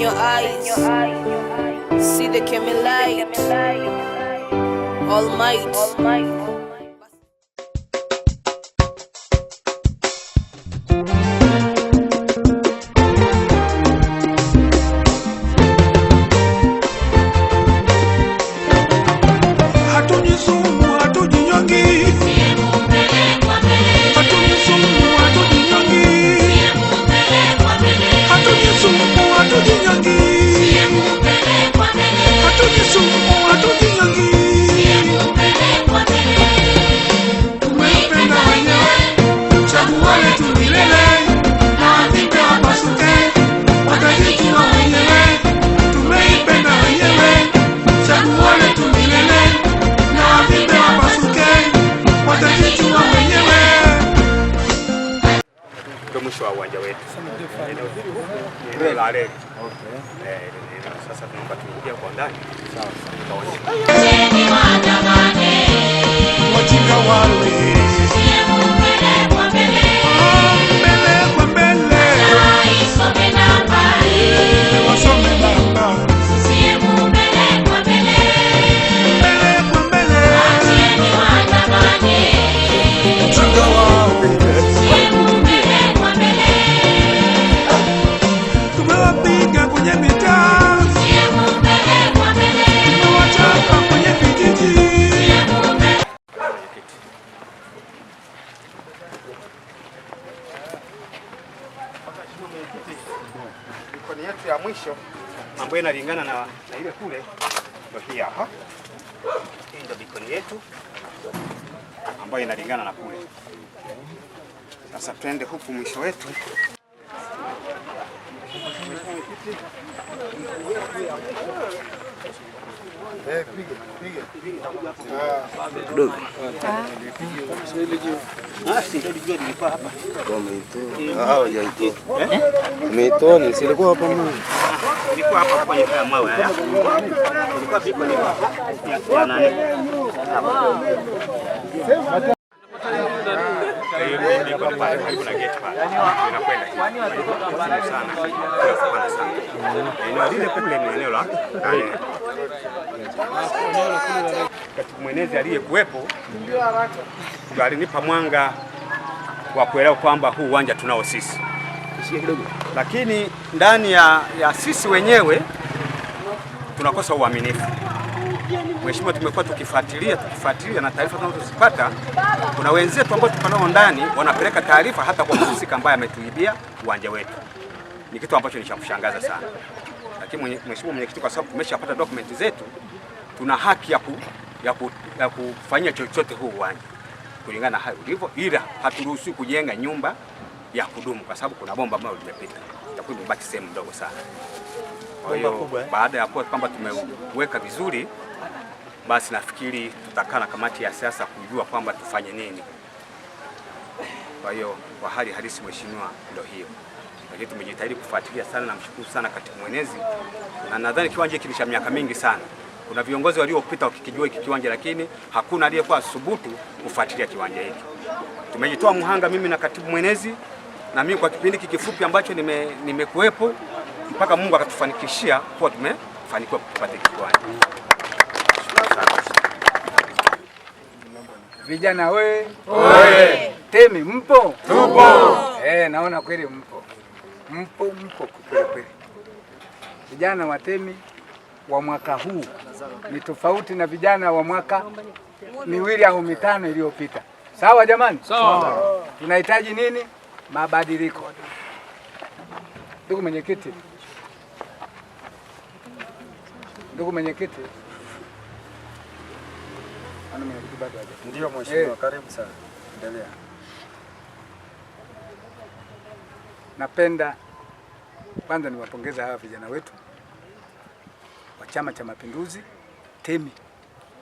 your eyes. See the coming light. All might. Okay. Eh, eh, sasa tunaomba tuingia kwa ndani. Sawa. wanyonge yetu ya mwisho ambayo inalingana na, na ile kule ndio hii hapa. Hii ndio mikono yetu ambayo inalingana na kule. Sasa twende huku mwisho wetu kidogo silikuwa hapa mwana hapa pale karibu na gate pale, inakwenda yaani sana kupanda sana. Eneo lile kule ni eneo la katibu mwenezi aliyekuwepo alinipa mwanga wa kuelewa kwamba huu uwanja tunao sisi, lakini ndani ya, ya sisi wenyewe tunakosa uaminifu. Mheshimiwa, tumekuwa tukifuatilia tukifuatilia na taarifa tunazozipata, kuna wenzetu ambao tuko nao ndani wanapeleka taarifa hata kwa mhusika ambaye ametuibia uwanja wetu. Ni kitu ambacho ni cha kushangaza sana, lakini Mheshimiwa Mwenyekiti, kwa sababu tumeshapata dokumenti zetu, tuna haki ya, ku, ya, ku, ya kufanyia chochote huu uwanja kulingana na hali ulivyo, ila haturuhusiwi kujenga nyumba ya kudumu kwa sababu kuna bomba ambayo limepita, itakuwa imebaki sehemu ndogo sana. Kwa hiyo eh? baada ya kuwa kwamba tumeweka vizuri basi nafikiri tutakaa na kamati ya siasa kujua kwamba tufanye nini. Kwa hiyo kwa hali halisi, mheshimiwa, ndio hiyo, lakini tumejitahidi kufuatilia sana. Namshukuru sana katibu mwenezi, na nadhani kiwanja hiki ni cha miaka mingi sana. Kuna viongozi waliopita wakikijua hiki kiwanja, lakini hakuna aliyekuwa thubutu kufuatilia kiwanja hiki. Tumejitoa mhanga, mimi na katibu mwenezi, na mimi kwa kipindi kifupi ambacho nimekuwepo nime mpaka Mungu akatufanikishia kuwa tumefanikiwa kupata kiwanja. Vijana we, we. Temi mpo? Tupo. Eh, naona kweli mpo mpo mpo kweli. Vijana wa Temi wa mwaka huu ni tofauti na vijana wa mwaka miwili au mitano iliyopita. Sawa jamani, sawa. Tunahitaji nini? Mabadiliko. Ndugu mwenyekiti, ndugu mwenyekiti ndio mheshimiwa, eh. karibu sana. Endelea. Napenda kwanza niwapongeza hawa vijana wetu wa Chama cha Mapinduzi TEMI.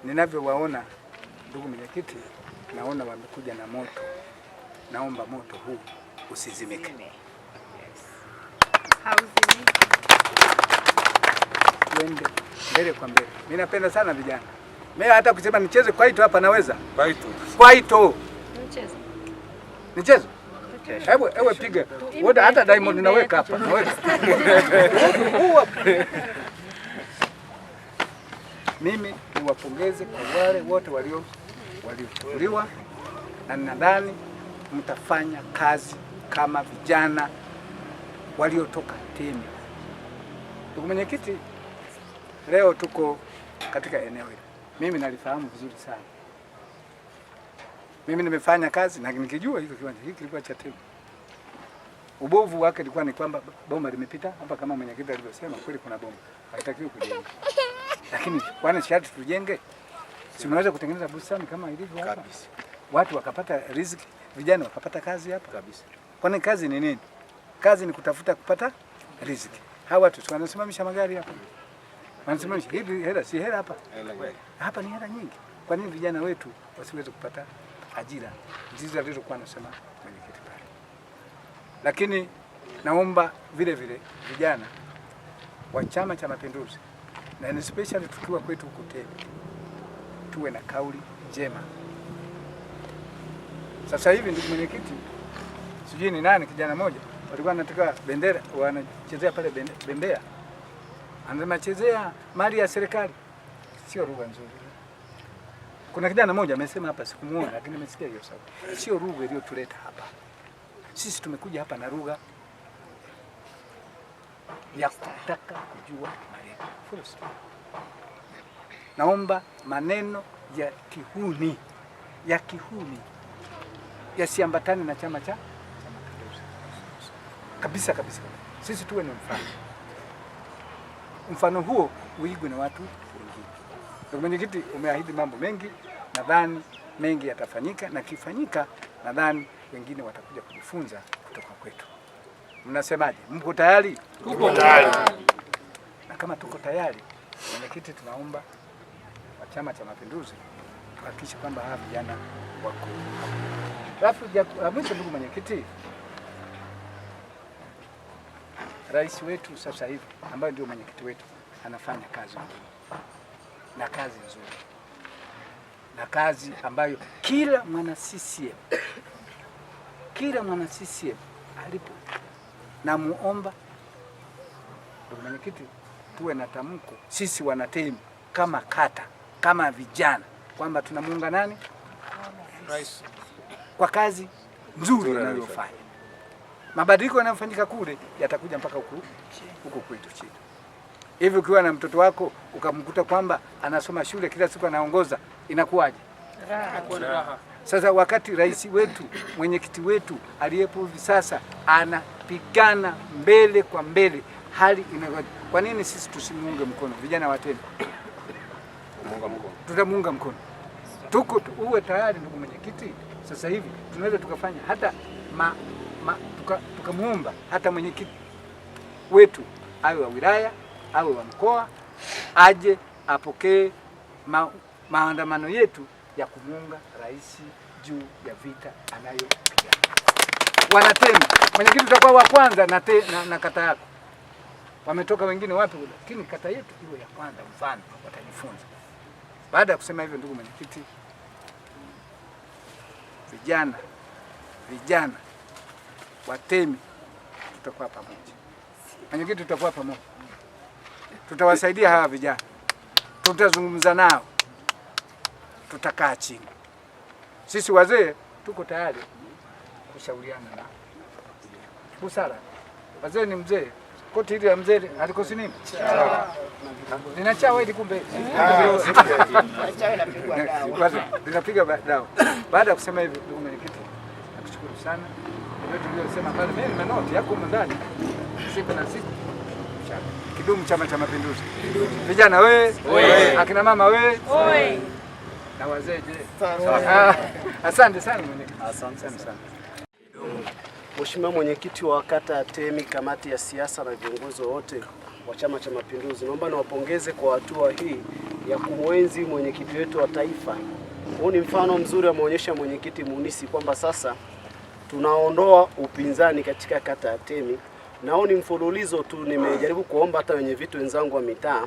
Ninavyowaona ndugu mwenyekiti, naona wamekuja na moto. Naomba moto huu usizimike. Yes. mbele kwa mbele. Mimi napenda sana vijana mimi hata kusema nicheze kwaito hapa naweza. Kwaito. Kwaito. Nicheze. Nicheze? Hebu ewe piga. Woda hata Diamond naweka hapa. naweza. Mimi niwapongeze kwa wale wote walio waliochukuliwa na nadhani mtafanya kazi kama vijana waliotoka timu. Ndugu mwenyekiti, leo tuko katika eneo hili mimi nalifahamu vizuri sana. Mimi nimefanya kazi na nikijua hizo kiwanja hiki kilikuwa cha Tegu. Ubovu wake ilikuwa ni kwamba bomba limepita hapa, kama mwenyekiti alivyosema, kweli kuna bomba, haitakiwi kujenga, lakini kwani sharti tujenge? Si mnaweza kutengeneza bustani kama ilivyo hapa kabisa, watu wakapata riziki, vijana wakapata kazi hapa kabisa. Kwani kazi ni nini? Kazi ni kutafuta kupata riziki. Hawa watu wanasimamisha magari hapa, wanasimamisha hivi, hela, si hela hapa hela, hapa ni hela nyingi. Kwa nini vijana wetu wasiweze kupata ajira ndizo alizokuwa anasema mwenyekiti pale? Lakini naomba vile vile vijana wa Chama cha Mapinduzi na especially tukiwa kwetu huko Tepe tuwe na kauli njema. Sasa hivi ndugu mwenyekiti, sijui ni nani, kijana mmoja walikuwa wanataka bendera, wanachezea pale bembea, anamachezea mali ya serikali sio lugha nzuri. Kuna kijana mmoja amesema hapa, sikumuona lakini nimesikia hiyo sababu. Sio lugha iliyotuleta hapa. Sisi tumekuja hapa na lugha ya kutaka kujua maneno. Fursa. Naomba maneno ya kihuni ya kihuni yasiambatane na Chama cha kabisa kabisa. Sisi tuwe ni mfano, mfano huo uigwe na watu Mwenyekiti, umeahidi mambo mengi, nadhani mengi yatafanyika, na kifanyika, nadhani wengine watakuja kujifunza kutoka kwetu. Mnasemaje? Mko tayari? Tuko tayari. Na kama tuko tayari, mwenyekiti, tunaomba wa Chama cha Mapinduzi kuhakikisha kwamba hawa vijana wako. Alafu ya mwisho, ndugu mwenyekiti, rais wetu sasa hivi ambaye ndio mwenyekiti wetu anafanya kazi na kazi nzuri na kazi ambayo kila mwana CCM kila mwana CCM alipo, namuomba mwenyekiti, tuwe na tamko sisi wanatemi kama kata kama vijana kwamba tunamuunga nani Rais kwa kazi nzuri anayofanya. Mabadiliko yanayofanyika kule yatakuja mpaka huku huku kwetu chini. Hivi ukiwa na mtoto wako ukamkuta kwamba anasoma shule kila siku anaongoza, inakuwaje? Sasa wakati rais wetu, mwenyekiti wetu aliyepo hivi sasa anapigana mbele kwa mbele, hali inakuwaje? Kwa nini sisi tusimuunge mkono? Vijana wateni, tutamuunga mkono, tuko uwe tayari. Ndugu mwenyekiti, sasa hivi tunaweza tukafanya hata ma, ma, tukamuomba tuka hata mwenyekiti wetu awe wa wilaya awe wa mkoa aje apokee ma, maandamano yetu ya kumuunga rais juu ya vita anayopigana. Wanatema mwenyekiti, utakuwa wa kwanza na, te, na, na kata yako. Wametoka wengine wapi, lakini kata yetu iwe ya kwanza, mfano watajifunza. Baada ya kusema hivyo, ndugu mwenyekiti, vijana vijana watemi, tutakuwa pamoja. Mwenyekiti, tutakuwa pamoja tutawasaidia hawa vijana, tutazungumza nao, tutakaa chini. Sisi wazee tuko tayari kushauriana na busara. Wazee ni mzee, koti hili ya mzee alikosi nini? Lina chawa hili kumbe, linapiga dawa. Baada ya kusema hivi, ndugu mwenyekiti, nakushukuru sana. Ndio pale, mimi nimenoti yako ndani siku na siku Kidumu Chama cha Mapinduzi! Vijana we, akina mama we, na wazee je? Ah, asante sana Mheshimiwa mwenyekiti wa kata ya Temi, kamati ya siasa na viongozi wote wa Chama cha Mapinduzi, naomba niwapongeze kwa hatua hii ya kumwenzi mwenyekiti wetu wa taifa. Huu ni mfano mzuri ameonyesha mwenyekiti Munisi kwamba sasa tunaondoa upinzani katika kata ya Temi nao ni mfululizo tu. Nimejaribu kuomba hata wenye vitu wenzangu wa mitaa.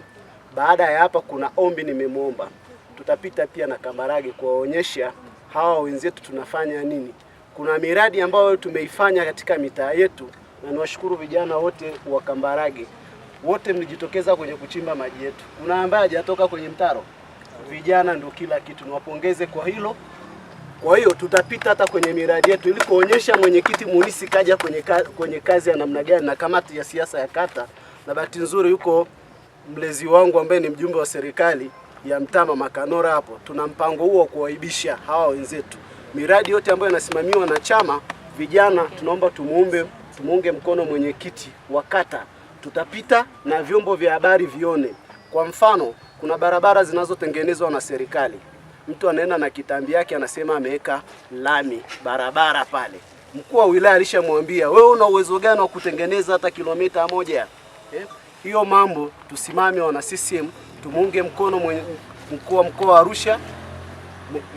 Baada ya hapa, kuna ombi nimemwomba, tutapita pia na kambarage kuwaonyesha hawa wenzetu tunafanya nini. Kuna miradi ambayo tumeifanya katika mitaa yetu, na niwashukuru vijana wote wa Kambarage, wote mlijitokeza kwenye kuchimba maji yetu. Kuna ambaye hajatoka kwenye mtaro? Vijana ndio kila kitu, niwapongeze kwa hilo. Kwa hiyo tutapita hata kwenye miradi yetu ili kuonyesha mwenyekiti muhisi kaja kwenye, ka, kwenye kazi ya namna gani na kamati ya siasa ya kata, na bahati nzuri yuko mlezi wangu ambaye ni mjumbe wa serikali ya Mtama Makanora. Hapo tuna mpango huo wa kuwaibisha hawa wenzetu. Miradi yote ambayo inasimamiwa na chama vijana, tunaomba tumuombe tumuunge mkono mwenyekiti wa kata, tutapita na vyombo vya habari vione. Kwa mfano, kuna barabara zinazotengenezwa na serikali mtu anaenda na kitambi yake anasema ameweka lami barabara pale. Mkuu wa wilaya alishamwambia wewe una uwezo gani wa kutengeneza hata kilomita moja eh? Hiyo mambo tusimame, wana CCM tumuunge mkono mkuu wa mkoa wa Arusha,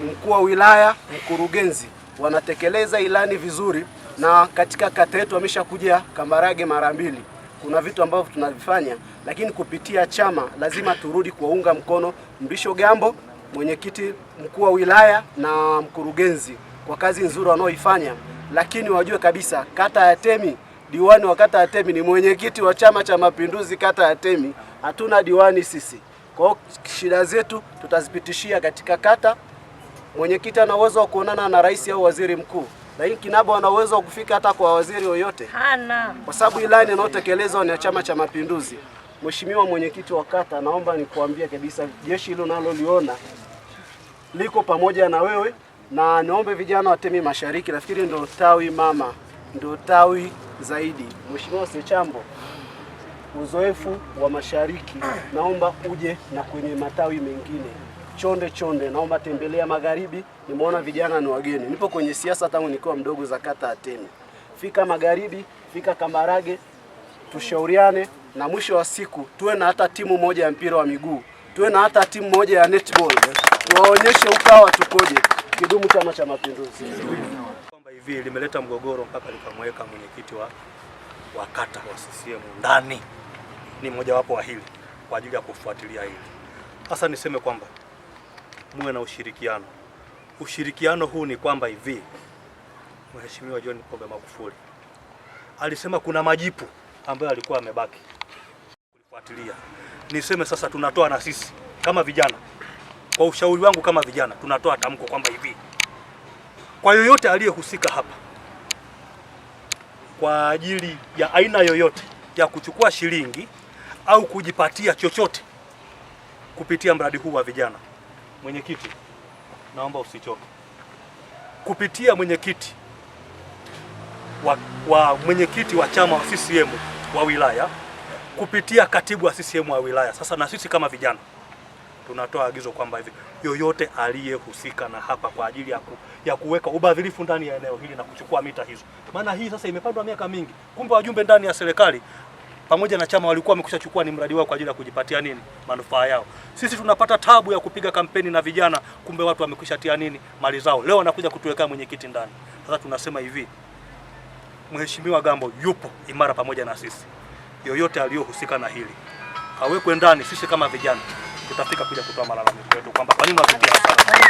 mkuu wa wilaya, mkurugenzi, wanatekeleza ilani vizuri, na katika kata yetu ameshakuja Kambarage mara mbili. Kuna vitu ambavyo tunavifanya, lakini kupitia chama lazima turudi kuwaunga mkono Mrisho Gambo mwenyekiti mkuu wa wilaya na mkurugenzi kwa kazi nzuri wanaoifanya, lakini wajue kabisa kata ya Temi, diwani wa kata ya Temi ni mwenyekiti wa Chama cha Mapinduzi kata ya Temi, hatuna diwani sisi. Kwa hiyo shida zetu tutazipitishia katika kata. Mwenyekiti ana uwezo wa kuonana na rais au waziri mkuu, lakini kinaba ana uwezo wa kufika hata kwa waziri yoyote hana, kwa sababu ilani inayotekelezwa ni ya Chama cha Mapinduzi. Mheshimiwa mwenyekiti wa kata, naomba nikuambie kabisa jeshi hilo naloliona liko pamoja na wewe, na niombe vijana wa Temi Mashariki, nafikiri ndio tawi mama, ndio tawi zaidi. Mheshimiwa Sechambo, uzoefu wa Mashariki, naomba uje na kwenye matawi mengine chonde chonde, naomba tembelea magharibi. Nimeona vijana ni wageni, nipo kwenye siasa tangu nikiwa mdogo za kata ya Temi. Fika magharibi, fika Kambarage, tushauriane na mwisho wa siku tuwe na hata timu moja ya mpira wa miguu tuwe na hata timu moja ya netball, tuwaonyeshe UKAWA tukoje. Kidumu Chama cha Mapinduzi! Kwamba hivi limeleta mgogoro mpaka likamweka mwenyekiti wa, wa kata wa CCM ndani, ni mmojawapo wa hili kwa ajili ya kufuatilia hili. Sasa niseme kwamba muwe na ushirikiano. Ushirikiano huu ni kwamba hivi Mheshimiwa John Pombe Magufuli alisema kuna majipu ambayo alikuwa amebaki kulifuatilia niseme sasa tunatoa na sisi kama vijana, kwa ushauri wangu kama vijana, tunatoa tamko kwamba hivi kwa yoyote aliyehusika hapa kwa ajili ya aina yoyote ya kuchukua shilingi au kujipatia chochote kupitia mradi huu wa vijana, mwenyekiti, naomba usichoke. Kupitia mwenyekiti wa, wa mwenyekiti wa chama wa CCM wa wilaya kupitia katibu wa CCM wa wilaya. Sasa na sisi kama vijana tunatoa agizo kwamba hivi yoyote aliyehusika na hapa kwa ajili ya, ku, ya kuweka ubadhirifu ndani ya eneo hili na kuchukua mita hizo, maana hii sasa imepandwa miaka mingi, kumbe wajumbe ndani ya serikali pamoja na chama walikuwa wamekushachukua ni mradi wao kwa ajili ya kujipatia nini manufaa yao. Sisi tunapata tabu ya kupiga kampeni na vijana, kumbe watu wamekushatia nini mali zao, leo wanakuja kutuwekea mwenyekiti ndani. Sasa tunasema hivi, Mheshimiwa Gambo yupo imara pamoja na sisi yoyote aliyohusika na hili awekwe ndani. Sisi kama vijana tutafika kuja kutoa malalamiko yetu kwamba kwa nini wapitia hasara.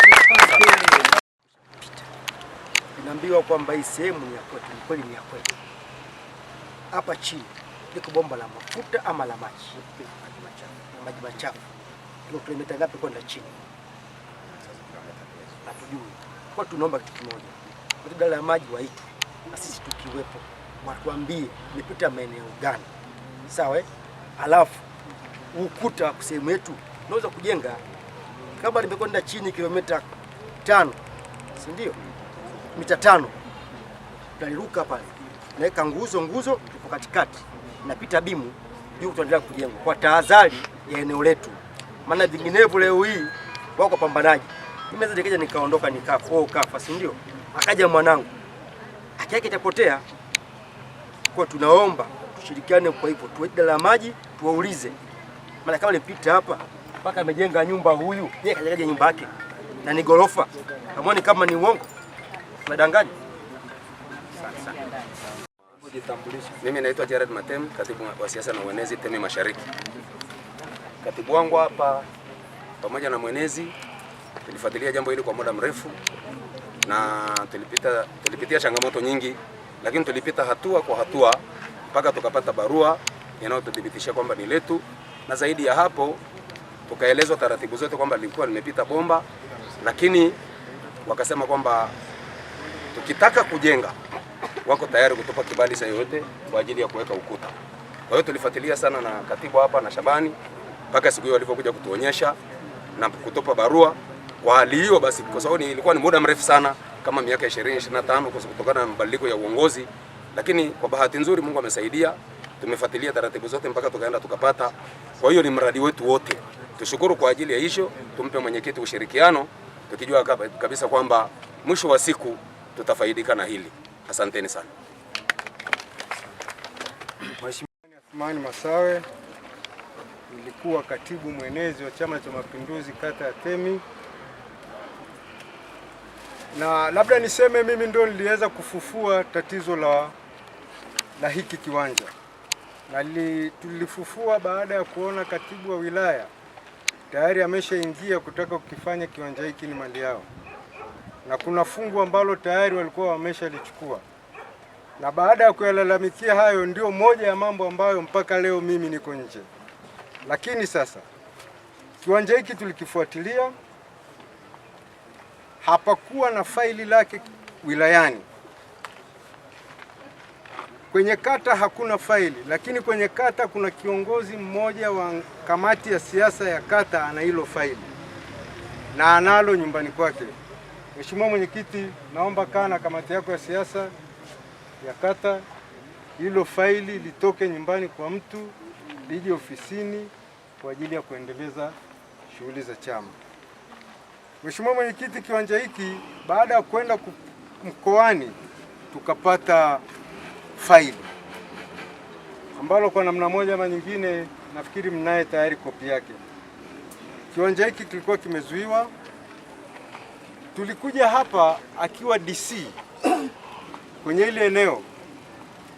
Tunaambiwa kwamba hii sehemu ni ya kwetu, ni kweli ni ya kwetu. Hapa chini liko bomba la mafuta ama la maji na maji machafu, ndio kilomita ngapi kwenda chini hatujui. Kwa tunaomba kitu kimoja, badala ya maji waitwe na sisi tukiwepo, watuambie imepita maeneo gani sawa eh? Alafu ukuta sehemu yetu naweza kujenga kama limekwenda chini kilomita tano, si ndio? mita tano tunaliruka pale, naweka nguzo nguzo ipo katikati, napita bimu juu, tunaendelea kujenga kwa tahadhari ya eneo letu, maana vinginevyo leo hii wako pambanaji. Mimi nikaja nikaondoka nikafoka kafa, si ndio? Akaja mwanangu, haki yake itapotea, kwa tunaomba tushirikiane kwa hivyo, tuwe la maji tuwaulize, mara kama alipita hapa mpaka amejenga nyumba huyu, yeye kajenga nyumba yake na ni gorofa. Hamwoni kama ni uongo? Tunadanganya. Mimi naitwa Jared Matem, katibu wa siasa na uenezi Temi Mashariki. Katibu wangu hapa pamoja na mwenezi tulifuatilia jambo hili kwa muda mrefu na tulipita, tulipitia changamoto nyingi, lakini tulipita hatua kwa hatua mpaka tukapata barua inayotuthibitisha kwamba ni letu, na zaidi ya hapo tukaelezwa taratibu zote kwamba lilikuwa limepita bomba, lakini wakasema kwamba tukitaka kujenga wako tayari kutupa kibali saa yoyote kwa ajili ya kuweka ukuta. Kwa hiyo tulifuatilia sana na katibu hapa na Shabani mpaka siku hiyo walivyokuja kutuonyesha na kutupa barua kwa hali hiyo basi, kwa sababu ilikuwa ni muda mrefu sana kama miaka 20 25 kutokana na mabadiliko ya uongozi lakini kwa bahati nzuri Mungu amesaidia, tumefuatilia taratibu zote mpaka tukaenda tukapata. Kwa hiyo ni mradi wetu wote, tushukuru kwa ajili ya hicho, tumpe mwenyekiti ushirikiano, tukijua kabisa kwamba mwisho wa siku tutafaidika na hili. Asanteni sana. Mheshimiwa Masawe, nilikuwa katibu mwenezi wa Chama cha Mapinduzi kata ya temi na labda niseme mimi ndio niliweza kufufua tatizo la la hiki kiwanja na tulifufua baada ya kuona katibu wa wilaya tayari ameshaingia kutaka kukifanya kiwanja hiki ni mali yao, na kuna fungu ambalo tayari walikuwa wameshalichukua. Na baada ya kuyalalamikia hayo, ndio moja ya mambo ambayo mpaka leo mimi niko nje. Lakini sasa kiwanja hiki tulikifuatilia, hapakuwa na faili lake wilayani Kwenye kata hakuna faili, lakini kwenye kata kuna kiongozi mmoja wa kamati ya siasa ya kata ana hilo faili na analo nyumbani kwake. Mheshimiwa Mwenyekiti, naomba kaa na kamati yako ya siasa ya kata, hilo faili litoke nyumbani kwa mtu liji ofisini kwa ajili ya kuendeleza shughuli za chama. Mheshimiwa Mwenyekiti, kiwanja hiki baada ya kwenda mkoani tukapata faili ambalo kwa namna moja ama nyingine nafikiri mnaye tayari kopi yake. Kiwanja hiki kilikuwa kimezuiwa. Tulikuja hapa akiwa DC kwenye ile eneo,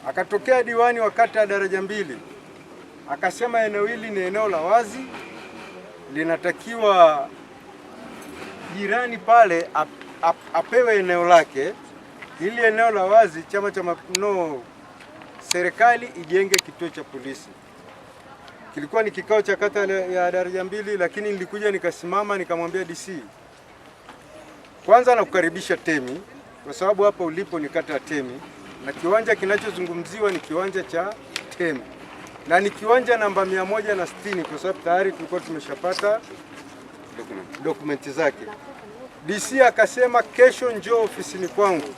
akatokea diwani wa kata ya Daraja Mbili akasema eneo hili ni eneo la wazi, linatakiwa jirani pale ap, ap, apewe eneo lake. Hili eneo la wazi chama cha no serikali ijenge kituo cha polisi. Kilikuwa ni kikao cha kata ya daraja mbili, lakini nilikuja nikasimama nikamwambia DC, kwanza nakukaribisha Temi kwa sababu hapa ulipo ni kata ya Temi na kiwanja kinachozungumziwa ni kiwanja cha Temi na ni kiwanja namba mia moja na sitini kwa sababu tayari tulikuwa tumeshapata dokumenti, dokumenti zake. DC akasema kesho njoo ofisini kwangu.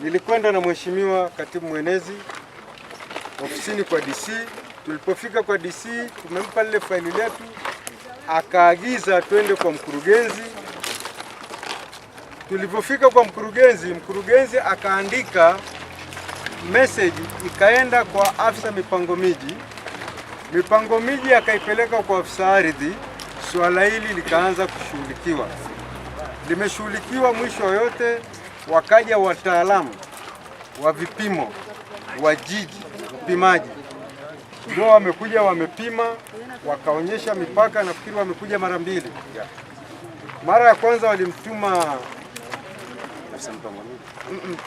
Nilikwenda na mheshimiwa katibu mwenezi ofisini kwa DC. Tulipofika kwa DC, tumempa lile faili letu, akaagiza twende kwa mkurugenzi. Tulipofika kwa mkurugenzi, mkurugenzi akaandika message ikaenda kwa afisa mipango miji, mipango miji akaipeleka kwa afisa ardhi. Suala hili likaanza kushughulikiwa, limeshughulikiwa. Mwisho yote wakaja wataalamu wa vipimo wa jiji upimaji ndio wamekuja wamepima, wakaonyesha mipaka. Nafikiri wamekuja mara mbili. Mara ya kwanza walimtuma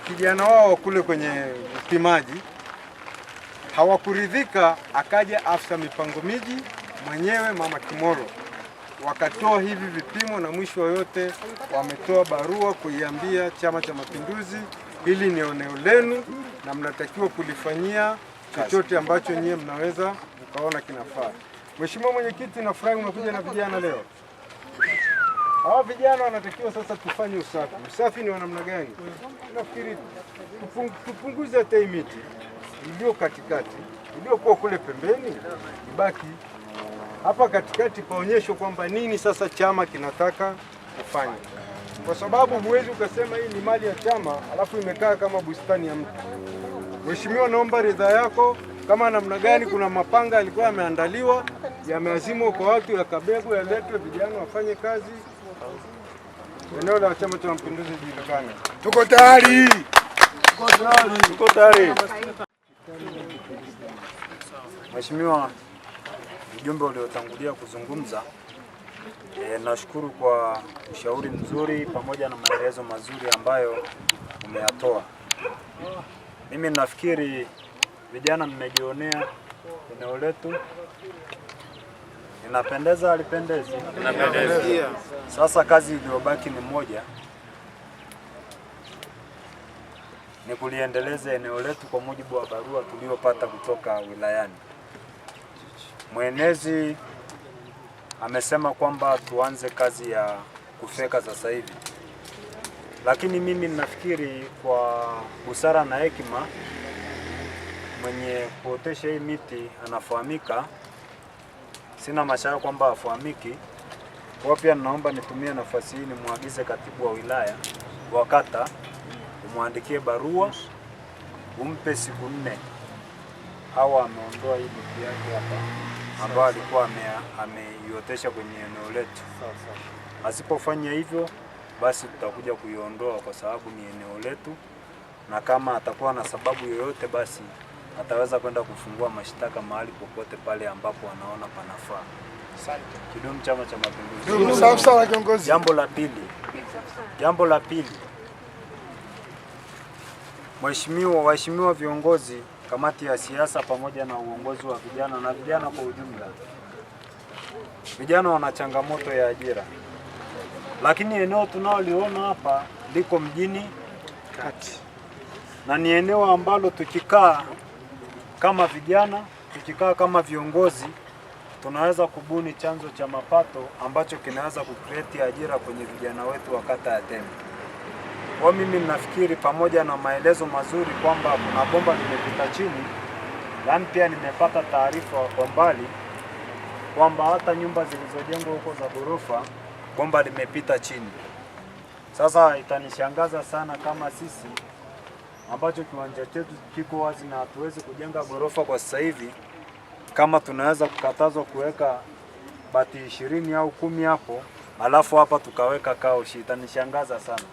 kijana wao kule kwenye upimaji, hawakuridhika. Akaja afisa mipango miji mwenyewe, mama Kimoro, wakatoa hivi vipimo, na mwisho yote wametoa barua kuiambia Chama cha Mapinduzi, hili ni eneo lenu na mnatakiwa kulifanyia chochote ambacho nyie mnaweza mkaona kinafaa. Mheshimiwa Mwenyekiti, nafurahi umekuja na vijana leo. Hawa vijana wanatakiwa sasa tufanye usafi. Usafi ni wa namna gani? Nafikiri tupunguze hata hii miti iliyo katikati, iliyokuwa kule pembeni ibaki hapa katikati, paonyeshwe kwamba nini sasa chama kinataka kufanya, kwa sababu huwezi ukasema hii ni mali ya chama alafu imekaa kama bustani ya mtu. Mheshimiwa, naomba ridhaa yako kama namna gani kuna mapanga yalikuwa yameandaliwa yameazimwa kwa watu yakabebwa yaletwe vijana wafanye kazi eneo la Chama cha Mapinduzi julikane. Tuko tayari, tuko tayari. Mheshimiwa mjumbe uliotangulia kuzungumza e, nashukuru kwa ushauri mzuri pamoja na maelezo mazuri ambayo umeyatoa. Mimi nafikiri vijana mmejionea eneo letu inapendeza, alipendezi inapendezia. Sasa kazi iliyobaki ni moja, ni kuliendeleza eneo letu kwa mujibu wa barua tuliyopata kutoka wilayani. Mwenezi amesema kwamba tuanze kazi ya kufeka sasa hivi. Lakini mimi ninafikiri kwa busara na hekima, mwenye kuotesha hii miti anafahamika. Sina mashaka kwamba afahamiki. Kwa pia ninaomba nitumie nafasi hii nimwagize katibu wa wilaya wa kata umwandikie barua umpe siku nne au ameondoa hii miti yake hapa ambayo alikuwa ameiotesha kwenye eneo letu. Asipofanya hivyo basi tutakuja kuiondoa kwa sababu ni eneo letu, na kama atakuwa na sababu yoyote, basi ataweza kwenda kufungua mashtaka mahali popote pale ambapo anaona panafaa. Kidumu Chama cha Mapinduzi. Jambo la pili, jambo la pili, mheshimiwa, waheshimiwa viongozi, kamati ya siasa pamoja na uongozi wa vijana na vijana kwa ujumla, vijana wana changamoto ya ajira lakini eneo tunaloliona hapa liko mjini kati, na ni eneo ambalo tukikaa kama vijana, tukikaa kama viongozi, tunaweza kubuni chanzo cha mapato ambacho kinaweza kukreti ajira kwenye vijana wetu wa kata ya Tembe. Kwa mimi nafikiri pamoja na maelezo mazuri kwamba kuna bomba limepita chini, lakini pia nimepata taarifa kwa mbali kwamba hata nyumba zilizojengwa huko za ghorofa bomba limepita chini. Sasa itanishangaza sana kama sisi ambacho kiwanja chetu kiko wazi na hatuwezi kujenga ghorofa kwa sasa hivi, kama tunaweza kukatazwa kuweka bati ishirini au kumi hapo, alafu hapa tukaweka kaoshi itanishangaza sana.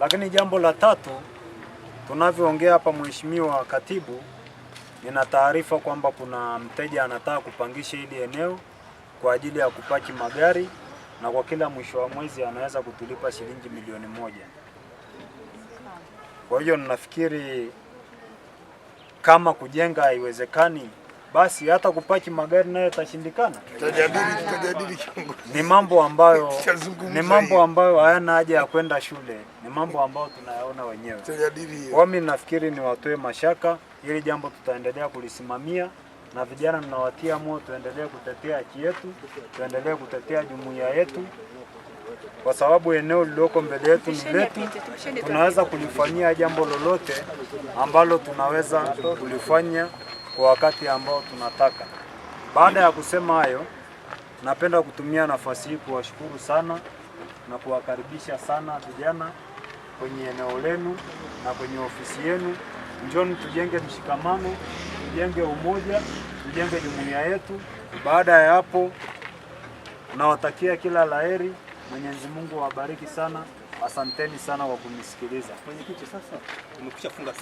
Lakini jambo la tatu, tunavyoongea hapa, Mheshimiwa Katibu, nina taarifa kwamba kuna mteja anataka kupangisha hili eneo kwa ajili ya kupaki magari na kwa kila mwisho wa mwezi anaweza kutulipa shilingi milioni moja. Kwa hiyo nafikiri kama kujenga haiwezekani, basi hata kupaki magari nayo itashindikana. Ni mambo ambayo ni mambo ambayo hayana haja ya kwenda shule, ni mambo ambayo tunayaona wenyewe. Kwa mimi nafikiri ni watoe mashaka, hili jambo tutaendelea kulisimamia na vijana mnawatia moyo, tuendelee kutetea haki yetu, tuendelee kutetea jumuiya yetu, kwa sababu eneo lililoko mbele yetu ni letu. Tunaweza kulifanyia jambo lolote ambalo tunaweza kulifanya kwa wakati ambao tunataka. Baada ya kusema hayo, napenda kutumia nafasi hii kuwashukuru sana na kuwakaribisha sana vijana kwenye eneo lenu na kwenye ofisi yenu. Njoni tujenge mshikamano tujenge umoja, tujenge jumuiya yetu. Baada ya hapo, nawatakia kila laheri. Mwenyezi Mungu awabariki sana. Asanteni sana kwa kunisikiliza. Mwenyekiti, sasa tumekwisha funga.